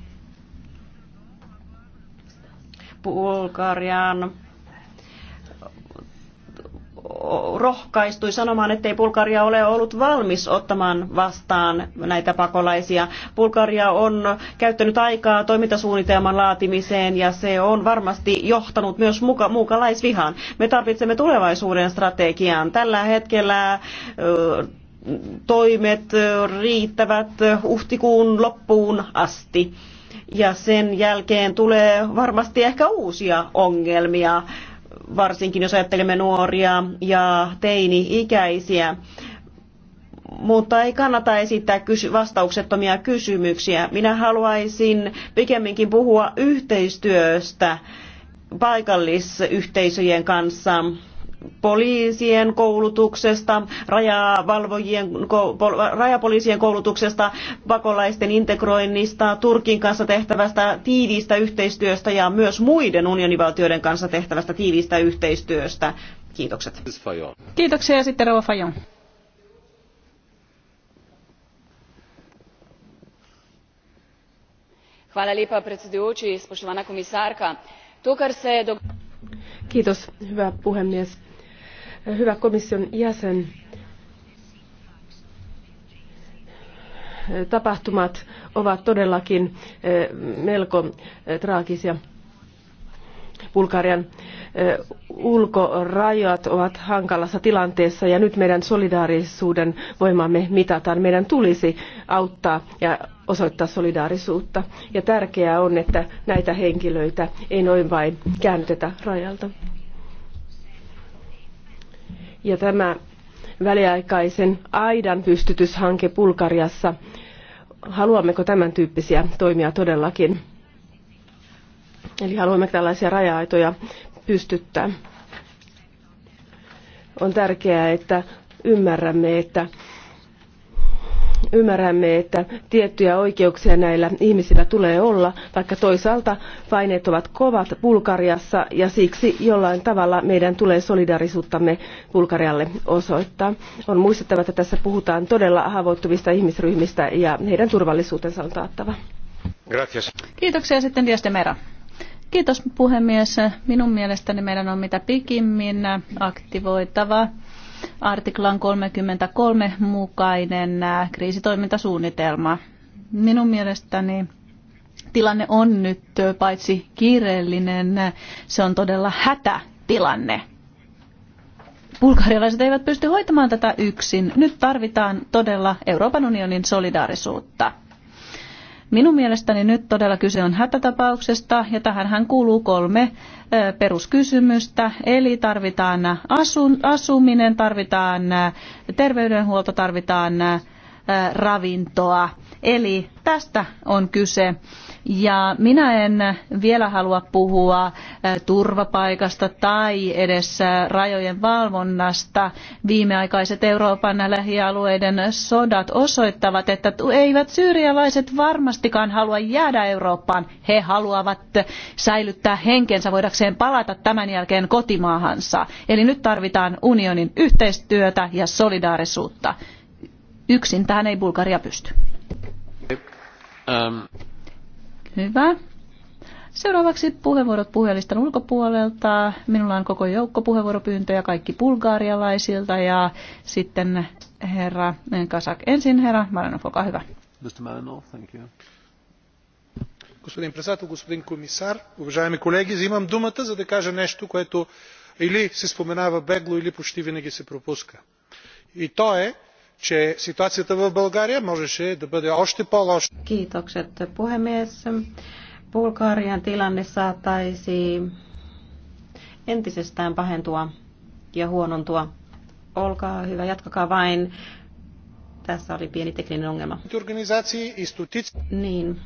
S5: Bulgariaan rohkaistui sanomaan, ettei Bulgaria ole ollut valmis ottamaan vastaan näitä pakolaisia. Bulgaria on käyttänyt aikaa toimintasuunnitelman laatimiseen ja se on varmasti johtanut myös muka, muukalaisvihaan. Me tarvitsemme tulevaisuuden strategian. Tällä hetkellä toimet riittävät huhtikuun loppuun asti. Ja sen jälkeen tulee varmasti ehkä uusia ongelmia varsinkin jos ajattelemme nuoria ja teini-ikäisiä mutta ei kannata esittää vastauksettomia kysymyksiä. Minä haluaisin pikemminkin puhua yhteistyöstä paikallisyhteisöjen kanssa poliisien koulutuksesta, rajavalvojien, rajapoliisien koulutuksesta, pakolaisten integroinnista, Turkin kanssa tehtävästä tiiviistä yhteistyöstä ja myös muiden unionivaltioiden kanssa tehtävästä tiiviistä yhteistyöstä. Kiitokset.
S3: Kiitoksia ja sitten Rova Fajon.
S4: Kiitos, hyvä puhemies Hyvä komission jäsen, tapahtumat ovat todellakin eh, melko eh, traagisia. Bulgarian eh, ulkorajat ovat hankalassa tilanteessa ja nyt meidän solidaarisuuden voimamme mitataan. Meidän tulisi auttaa ja osoittaa solidaarisuutta. Ja tärkeää on, että näitä henkilöitä ei noin vain käännytetä rajalta. Ja tämä väliaikaisen aidan pystytyshanke Bulgariassa. Haluammeko tämän tyyppisiä toimia todellakin? Eli haluamme tällaisia raja-aitoja pystyttää. On tärkeää, että ymmärrämme, että ymmärrämme, että tiettyjä oikeuksia näillä ihmisillä tulee olla, vaikka toisaalta paineet ovat kovat Bulgariassa ja siksi jollain tavalla meidän tulee solidarisuuttamme Bulgarialle osoittaa. On muistettava, että tässä puhutaan todella haavoittuvista ihmisryhmistä
S3: ja heidän turvallisuutensa on taattava. Gracias. Kiitoksia sitten Diastemera. Kiitos puhemies. Minun mielestäni meidän on mitä pikimmin aktivoitava artiklan 33 mukainen kriisitoimintasuunnitelma. Minun mielestäni tilanne on nyt paitsi kiireellinen, se on todella hätätilanne. Bulgarialaiset eivät pysty hoitamaan tätä yksin. Nyt tarvitaan todella Euroopan unionin solidaarisuutta. Minun mielestäni nyt todella kyse on hätätapauksesta ja tähän kuuluu kolme peruskysymystä. Eli tarvitaan asun, asuminen, tarvitaan terveydenhuolto, tarvitaan ravintoa. Eli tästä on kyse. Ja minä en vielä halua puhua äh, turvapaikasta tai edes äh, rajojen valvonnasta. Viimeaikaiset Euroopan lähialueiden sodat osoittavat, että eivät syyrialaiset varmastikaan halua jäädä Eurooppaan. He haluavat säilyttää henkensä voidakseen palata tämän jälkeen kotimaahansa. Eli nyt tarvitaan unionin yhteistyötä ja solidaarisuutta. Yksin tähän ei Bulgaria pysty. Um. Hyvä. Seuraavaksi puheenvuorot puhelistan ulkopuolelta. Minulla on koko joukko puheenvuoropyyntöjä kaikki bulgaarialaisilta ja sitten herra Kasak ensin. Herra Maranov, olkaa hyvä. Mr. Maranov, thank you. Господин председател, господин комисар, уважаеми колеги, взимам думата, за да кажа нещо, което или се споменава бегло, или почти винаги се пропуска. И то е, че ситуацията в България можеше да бъде още по-лоша. Kiitokset puhemies.
S5: Bulgarian tilanne saattaisi entisestään pahentua ja huonontua. Olkaa hyvä, jatkakaa vain. Tässä oli pieni tekninen ongelma. Niin,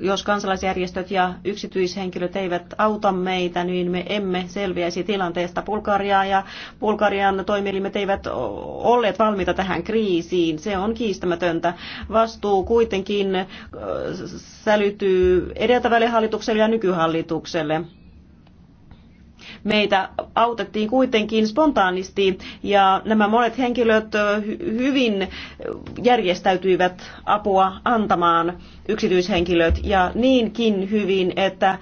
S5: jos kansalaisjärjestöt ja yksityishenkilöt eivät auta meitä, niin me emme selviäisi tilanteesta. Bulgariaa ja Bulgarian toimielimet eivät olleet valmiita tähän kriisiin. Se on kiistämätöntä. Vastuu kuitenkin sälytyy edeltävälle hallitukselle ja nykyhallitukselle. Meitä autettiin kuitenkin spontaanisti ja nämä monet henkilöt hyvin järjestäytyivät apua antamaan yksityishenkilöt ja niinkin hyvin, että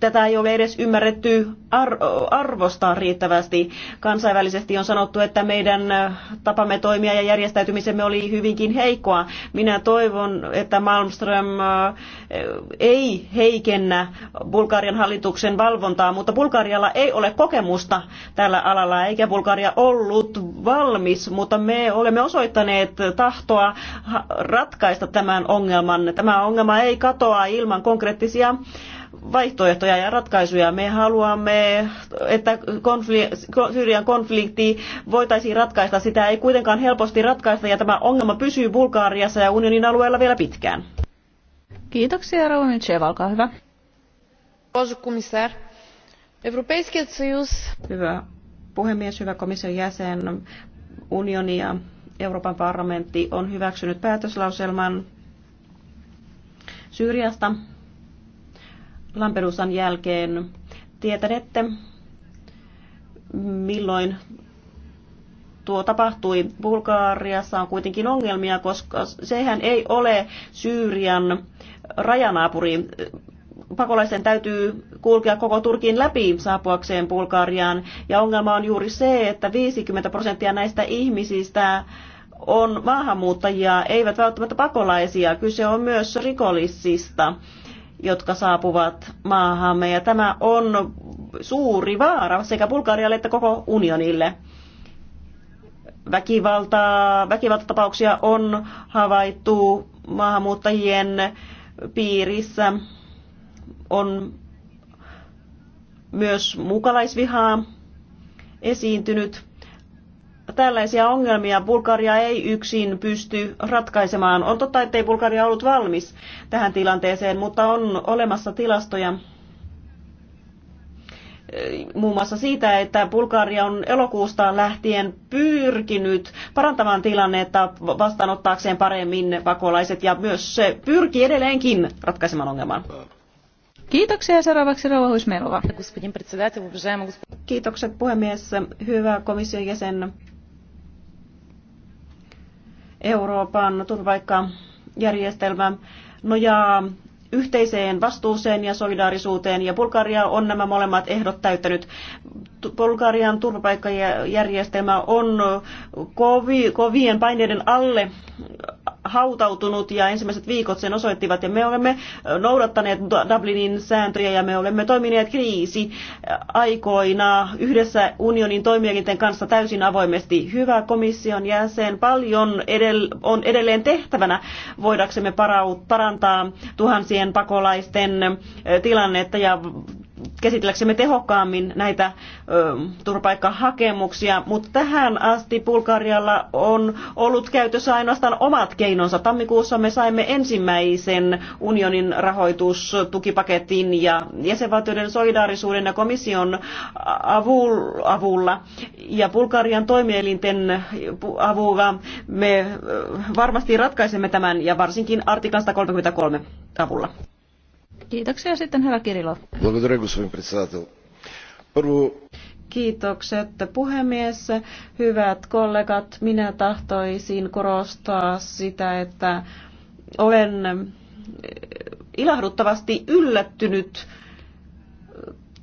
S5: tätä ei ole edes ymmärretty ar- arvostaa riittävästi. Kansainvälisesti on sanottu, että meidän äh, tapamme toimia ja järjestäytymisemme oli hyvinkin heikkoa. Minä toivon, että Malmström äh, ei heikennä Bulgarian hallituksen valvontaa, mutta Bulgarialla ei ole kokemusta tällä alalla, eikä Bulgaria ollut valmis, mutta me olemme osoittaneet tahtoa ratkaista tämän ongelman. Tämä ongelma ei katoa ilman konkreettisia vaihtoehtoja ja ratkaisuja. Me haluamme, että konflik- Syyrian konflikti voitaisiin ratkaista. Sitä ei kuitenkaan helposti ratkaista ja tämä ongelma pysyy Bulgaariassa ja unionin alueella vielä pitkään.
S3: Kiitoksia, Rauni Tseva, olkaa hyvä.
S5: Hyvä puhemies, hyvä komission jäsen, unioni ja Euroopan parlamentti on hyväksynyt päätöslauselman Syyriasta Lampedusan jälkeen. Tietänette, milloin tuo tapahtui. Bulgaariassa on kuitenkin ongelmia, koska sehän ei ole Syyrian rajanaapuri. Pakolaisten täytyy kulkea koko Turkin läpi saapuakseen Bulgaariaan. Ja ongelma on juuri se, että 50 prosenttia näistä ihmisistä on maahanmuuttajia, eivät välttämättä pakolaisia. Kyse on myös rikollisista jotka saapuvat maahamme. Ja tämä on suuri vaara sekä Bulgarialle että koko unionille. Väkivalta väkivaltatapauksia on havaittu maahanmuuttajien piirissä. On myös mukalaisvihaa esiintynyt tällaisia ongelmia Bulgaria ei yksin pysty ratkaisemaan. On totta, ettei Bulgaria ollut valmis tähän tilanteeseen, mutta on olemassa tilastoja eh, muun muassa siitä, että Bulgaria on elokuusta lähtien pyrkinyt parantamaan tilannetta vastaanottaakseen paremmin pakolaiset ja myös se pyrkii edelleenkin ratkaisemaan ongelman.
S3: Kiitoksia seuraavaksi Rauha Huismelova. Kiitokset puhemies, hyvä komission jäsen.
S5: Euroopan turvaikkajärjestelmä nojaa yhteiseen vastuuseen ja solidaarisuuteen, ja Bulgaria on nämä molemmat ehdot täyttänyt. Bulgarian turvapaikkajärjestelmä on kovien paineiden alle hautautunut ja ensimmäiset viikot sen osoittivat ja me olemme noudattaneet Dublinin sääntöjä ja me olemme toimineet kriisi aikoina yhdessä unionin toimielinten kanssa täysin avoimesti. Hyvä komission jäsen, paljon edell- on edelleen tehtävänä voidaksemme parantaa tuhansien pakolaisten tilannetta ja käsitelläksemme tehokkaammin näitä ö, turvapaikkahakemuksia, mutta tähän asti Bulgarialla on ollut käytössä ainoastaan omat keinonsa. Tammikuussa me saimme ensimmäisen unionin rahoitustukipaketin ja jäsenvaltioiden solidaarisuuden ja komission avulla ja Bulgarian toimielinten avulla me varmasti ratkaisemme tämän ja varsinkin artiklasta 33 avulla.
S3: Kiitoksia sitten herra Kirilov.
S5: Kiitokset puhemies. Hyvät kollegat, minä tahtoisin korostaa sitä, että olen eh, ilahduttavasti yllättynyt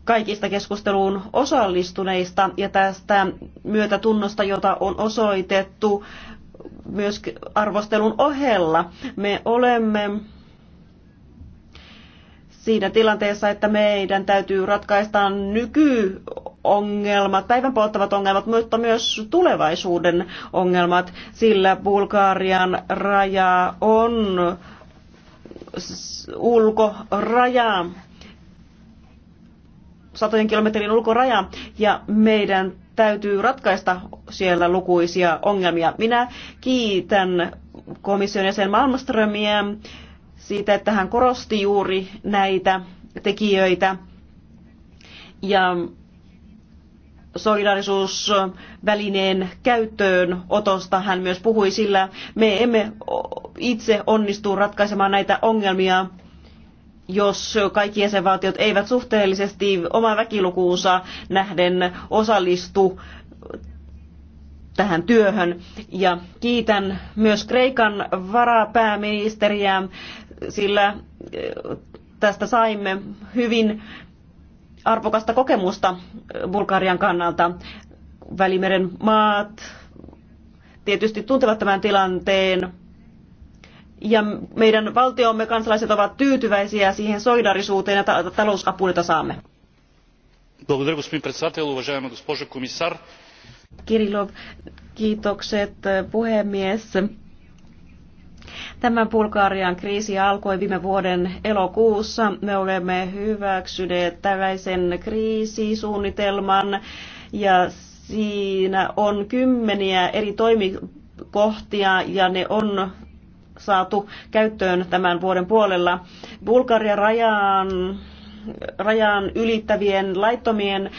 S5: kaikista keskusteluun osallistuneista ja tästä myötätunnosta, jota on osoitettu myös arvostelun ohella. Me olemme siinä tilanteessa, että meidän täytyy ratkaista nykyongelmat, päivän polttavat ongelmat, mutta myös tulevaisuuden ongelmat, sillä Bulgarian raja on ulkoraja, satojen kilometrin ulkoraja, ja meidän täytyy ratkaista siellä lukuisia ongelmia. Minä kiitän komission jäsen Malmströmiä siitä, että hän korosti juuri näitä tekijöitä. Ja solidaarisuusvälineen käyttöön otosta hän myös puhui, sillä me emme itse onnistu ratkaisemaan näitä ongelmia, jos kaikki jäsenvaltiot eivät suhteellisesti oma väkilukuunsa nähden osallistu tähän työhön. Ja kiitän myös Kreikan varapääministeriä sillä eh, tästä saimme hyvin arvokasta kokemusta eh, Bulgarian kannalta. Välimeren maat tietysti tuntevat tämän tilanteen ja meidän valtiomme kansalaiset ovat tyytyväisiä siihen solidarisuuteen ja ta- talousapuun, jota saamme. Благодаря, Kirilov, kiitokset eh, puhemies. Tämä Bulgarian kriisi alkoi viime vuoden elokuussa. Me olemme hyväksyneet tällaisen kriisisuunnitelman ja siinä on kymmeniä eri toimikohtia ja ne on saatu käyttöön tämän vuoden puolella. Bulgarian rajan rajan ylittävien laittomien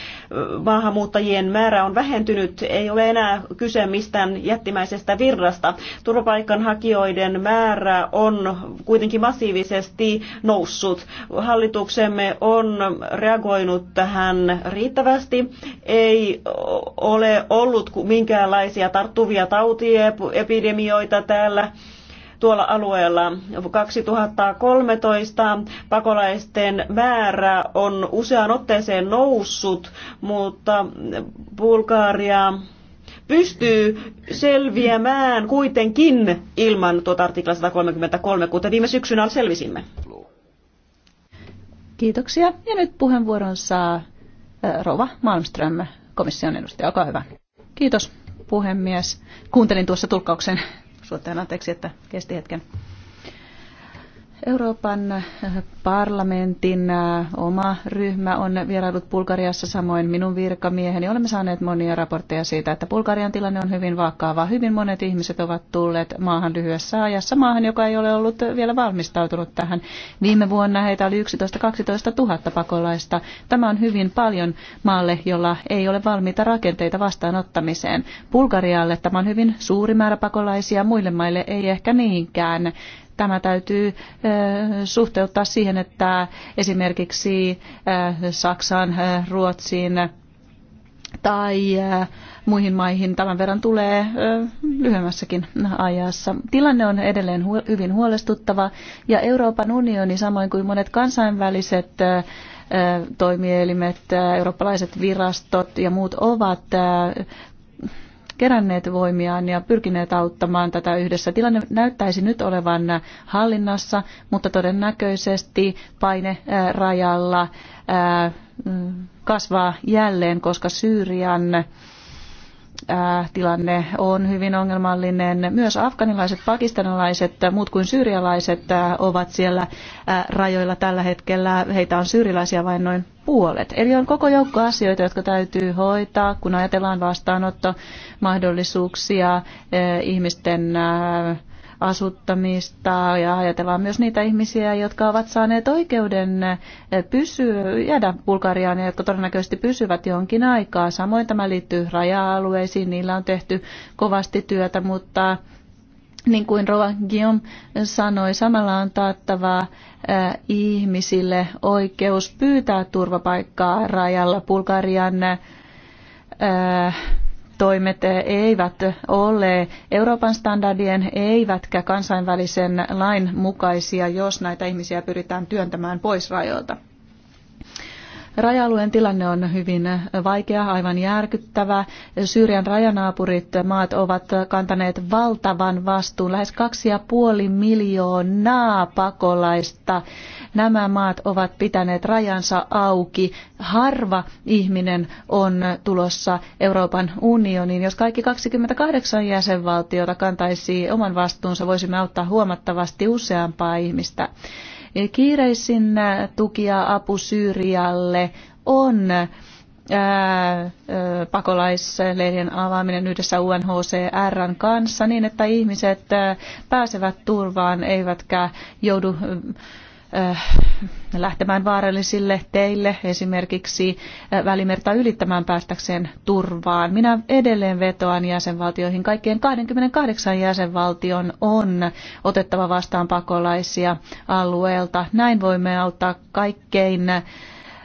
S5: maahanmuuttajien määrä on vähentynyt. Ei ole enää kyse mistään jättimäisestä virrasta. Turvapaikanhakijoiden määrä on kuitenkin massiivisesti noussut. Hallituksemme on reagoinut tähän riittävästi. Ei ole ollut minkäänlaisia tarttuvia tautiepidemioita täällä tuolla alueella. 2013 pakolaisten määrä on useaan otteeseen noussut, mutta Bulgaria pystyy selviämään kuitenkin ilman tuota artikla 133, kuten viime syksynä selvisimme.
S3: Kiitoksia. Ja nyt puheenvuoron saa Rova Malmström, komission edustaja. Olkaa hyvä. Kiitos puhemies. Kuuntelin tuossa tulkkauksen Suottajan anteeksi, että kesti hetken. Euroopan eh, parlamentin eh, oma ryhmä on vierailut Bulgariassa, samoin minun virkamieheni. Olemme saaneet monia raportteja siitä, että Bulgarian tilanne on hyvin vakava. Hyvin monet ihmiset ovat tulleet maahan lyhyessä ajassa, maahan, joka ei ole ollut vielä valmistautunut tähän. Viime vuonna heitä oli 11-12 000 pakolaista. Tämä on hyvin paljon maalle, jolla ei ole valmiita rakenteita vastaanottamiseen. Bulgarialle tämä on hyvin suuri määrä pakolaisia, muille maille ei ehkä niinkään. Tämä täytyy suhteuttaa siihen, että esimerkiksi Saksaan, Ruotsiin tai muihin maihin tämän verran tulee lyhyemmässäkin ajassa. Tilanne on edelleen hyvin huolestuttava ja Euroopan unioni samoin kuin monet kansainväliset toimielimet, eurooppalaiset virastot ja muut ovat keränneet voimiaan ja pyrkineet auttamaan tätä yhdessä. Tilanne näyttäisi nyt olevan hallinnassa, mutta todennäköisesti paine rajalla kasvaa jälleen, koska Syyrian tilanne on hyvin ongelmallinen. Myös afganilaiset, pakistanilaiset, muut kuin syyrialaiset ovat siellä rajoilla tällä hetkellä. Heitä on syyrialaisia vain noin puolet. Eli on koko joukko asioita, jotka täytyy hoitaa, kun ajatellaan vastaanottomahdollisuuksia, eh, ihmisten eh, asuttamista ja ajatellaan myös niitä ihmisiä, jotka ovat saaneet oikeuden eh, pysyä, jäädä Bulgariaan ja jotka todennäköisesti pysyvät jonkin aikaa. Samoin tämä liittyy raja-alueisiin, niillä on tehty kovasti työtä, mutta niin kuin Rova Guillaume sanoi, samalla on taattava äh, ihmisille oikeus pyytää turvapaikkaa rajalla. Bulgarian äh, toimet eivät ole Euroopan standardien eivätkä kansainvälisen lain mukaisia, jos näitä ihmisiä pyritään työntämään pois rajoilta. Raja-alueen tilanne on hyvin vaikea, aivan järkyttävä. Syyrian rajanaapurit maat ovat kantaneet valtavan vastuun, lähes 2,5 miljoonaa pakolaista. Nämä maat ovat pitäneet rajansa auki. Harva ihminen on tulossa Euroopan unioniin. Jos kaikki 28 jäsenvaltiota kantaisi oman vastuunsa, voisimme auttaa huomattavasti useampaa ihmistä. Kiireisin tuki ja apu Syyrialle on pakolaisleirien avaaminen yhdessä UNHCRn kanssa niin, että ihmiset pääsevät turvaan eivätkä joudu Äh, lähtemään vaarallisille teille, esimerkiksi äh, välimerta ylittämään päästäkseen turvaan. Minä edelleen vetoan jäsenvaltioihin. Kaikkien 28 jäsenvaltion on otettava vastaan pakolaisia alueelta. Näin voimme auttaa kaikkein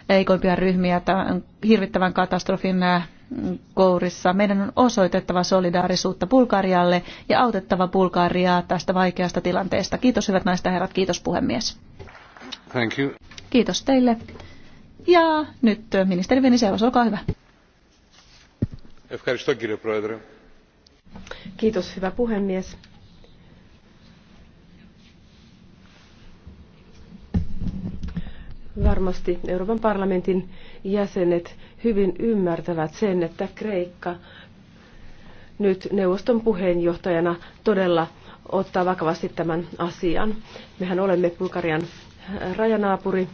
S3: heikoimpia ryhmiä tämän hirvittävän katastrofin äh, kourissa. Meidän on osoitettava solidaarisuutta Bulgarialle ja autettava Bulgariaa tästä vaikeasta tilanteesta. Kiitos hyvät naiset ja herrat, kiitos puhemies. Thank you. Kiitos teille. Ja nyt ministeri Veniselos, olkaa hyvä. Kiitos, hyvä
S4: puhemies. Varmasti Euroopan parlamentin jäsenet hyvin ymmärtävät sen, että Kreikka nyt neuvoston puheenjohtajana todella ottaa vakavasti tämän asian. Mehän olemme Bulgarian rajanaapuri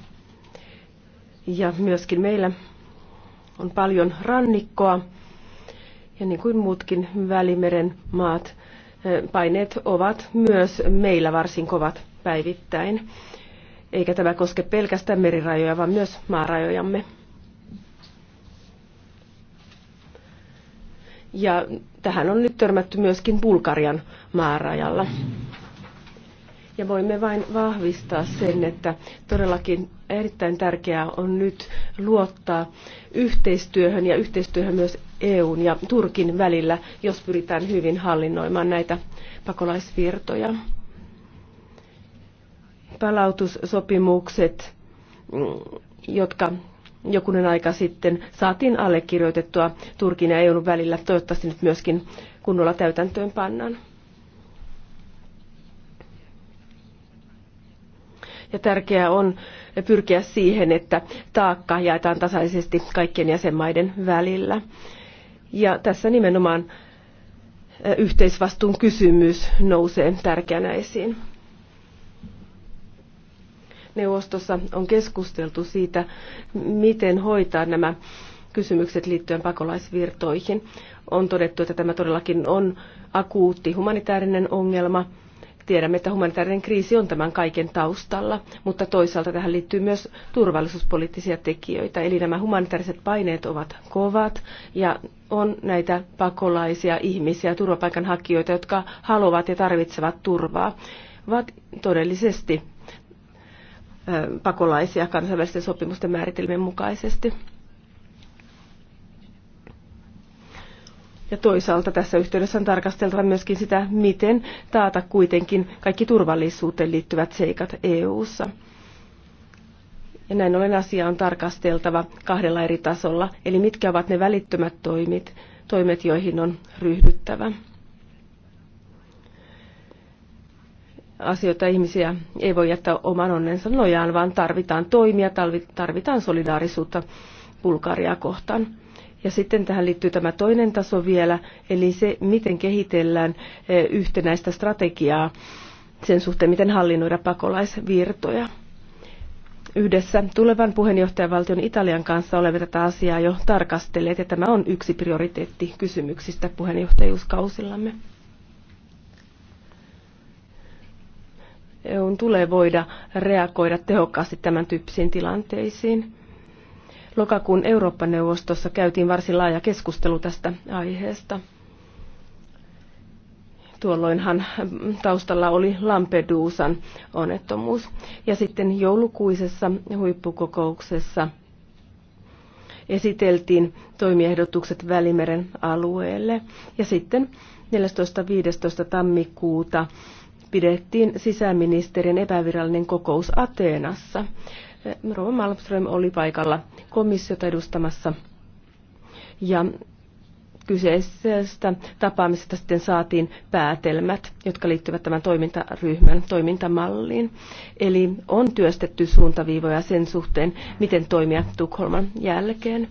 S4: ja myöskin meillä on paljon rannikkoa ja niin kuin muutkin Välimeren maat, paineet ovat myös meillä varsin kovat päivittäin. Eikä tämä koske pelkästään merirajoja, vaan myös maarajojamme. Ja tähän on nyt törmätty myöskin Bulgarian maarajalla. Ja voimme vain vahvistaa sen, että todellakin erittäin tärkeää on nyt luottaa yhteistyöhön ja yhteistyöhön myös EUn ja Turkin välillä, jos pyritään hyvin hallinnoimaan näitä pakolaisvirtoja. Palautussopimukset, mm, jotka jokunen aika sitten saatiin allekirjoitettua Turkin ja EUn välillä. Toivottavasti nyt myöskin kunnolla täytäntöön pannaan. Ja tärkeää on pyrkiä siihen, että taakka jaetaan tasaisesti kaikkien jäsenmaiden välillä. Ja tässä nimenomaan yhteisvastuun kysymys nousee tärkeänä esiin. Neuvostossa on keskusteltu siitä, miten hoitaa nämä kysymykset liittyen pakolaisvirtoihin. On todettu, että tämä todellakin on akuutti humanitaarinen ongelma Tiedämme, että humanitaarinen kriisi on tämän kaiken taustalla, mutta toisaalta tähän liittyy myös turvallisuuspoliittisia tekijöitä. Eli nämä humanitaariset paineet ovat kovat ja on näitä pakolaisia ihmisiä, turvapaikanhakijoita, jotka haluavat ja tarvitsevat turvaa, ovat todellisesti pakolaisia kansainvälisten sopimusten määritelmien mukaisesti. Ja toisaalta tässä yhteydessä on tarkasteltava myöskin sitä, miten taata kuitenkin kaikki turvallisuuteen liittyvät seikat EU:ssa. Ja näin ollen asia on tarkasteltava kahdella eri tasolla, eli mitkä ovat ne välittömät toimit, toimet, joihin on ryhdyttävä. Asioita ihmisiä ei voi jättää oman onnensa nojaan, vaan tarvitaan toimia, tarvitaan solidaarisuutta Bulgariaa kohtaan. Ja sitten tähän liittyy tämä toinen taso vielä, eli se, miten kehitellään eh, yhtenäistä strategiaa sen suhteen, miten hallinnoida pakolaisvirtoja. Yhdessä tulevan puheenjohtajavaltion Italian kanssa olemme tätä asiaa jo tarkastelleet, ja tämä on yksi prioriteetti kysymyksistä puheenjohtajuuskausillamme. EUn tulee voida reagoida tehokkaasti tämän tyyppisiin tilanteisiin. Lokakuun Eurooppa-neuvostossa käytiin varsin laaja keskustelu tästä aiheesta. Tuolloinhan taustalla oli Lampedusan onnettomuus. Ja sitten joulukuisessa huippukokouksessa esiteltiin toimiehdotukset Välimeren alueelle. Ja sitten 14.15. tammikuuta pidettiin sisäministerin epävirallinen kokous Ateenassa. Rova Malmström oli paikalla komissiota edustamassa. Ja kyseisestä tapaamisesta sitten saatiin päätelmät, jotka liittyvät tämän toimintaryhmän toimintamalliin. Eli on työstetty suuntaviivoja sen suhteen, miten toimia Tukholman jälkeen.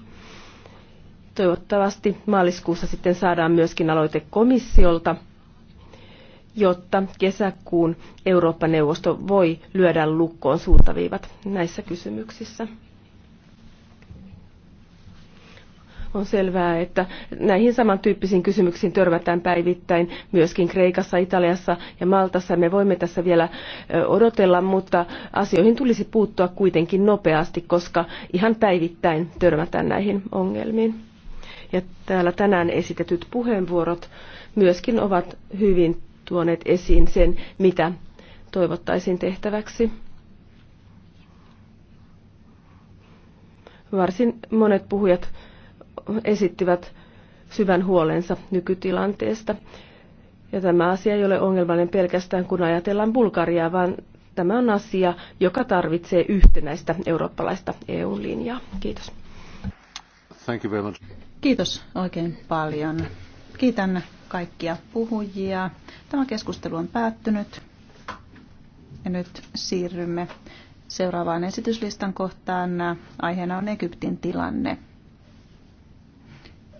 S4: Toivottavasti maaliskuussa sitten saadaan myöskin aloite komissiolta jotta kesäkuun Eurooppa-neuvosto voi lyödä lukkoon suuntaviivat näissä kysymyksissä. On selvää, että näihin samantyyppisiin kysymyksiin törmätään päivittäin myöskin Kreikassa, Italiassa ja Maltassa. Me voimme tässä vielä odotella, mutta asioihin tulisi puuttua kuitenkin nopeasti, koska ihan päivittäin törmätään näihin ongelmiin. Ja täällä tänään esitetyt puheenvuorot myöskin ovat hyvin tuoneet esiin sen, mitä toivottaisiin tehtäväksi. Varsin monet puhujat esittivät syvän huolensa nykytilanteesta. Ja tämä asia ei ole ongelmallinen pelkästään, kun ajatellaan Bulgariaa, vaan tämä on asia, joka tarvitsee
S3: yhtenäistä eurooppalaista EU-linjaa. Kiitos. Thank you very much. Kiitos oikein paljon. Kiitän kaikkia puhujia. Tämä keskustelu on päättynyt. Ja nyt siirrymme seuraavaan esityslistan kohtaan. Aiheena on Egyptin tilanne.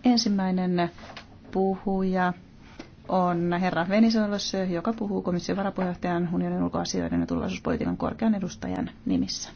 S3: Ensimmäinen puhuja on herra Venizelos, joka puhuu komission varapuheenjohtajan unionin ulkoasioiden ja turvallisuuspolitiikan korkean edustajan nimissä.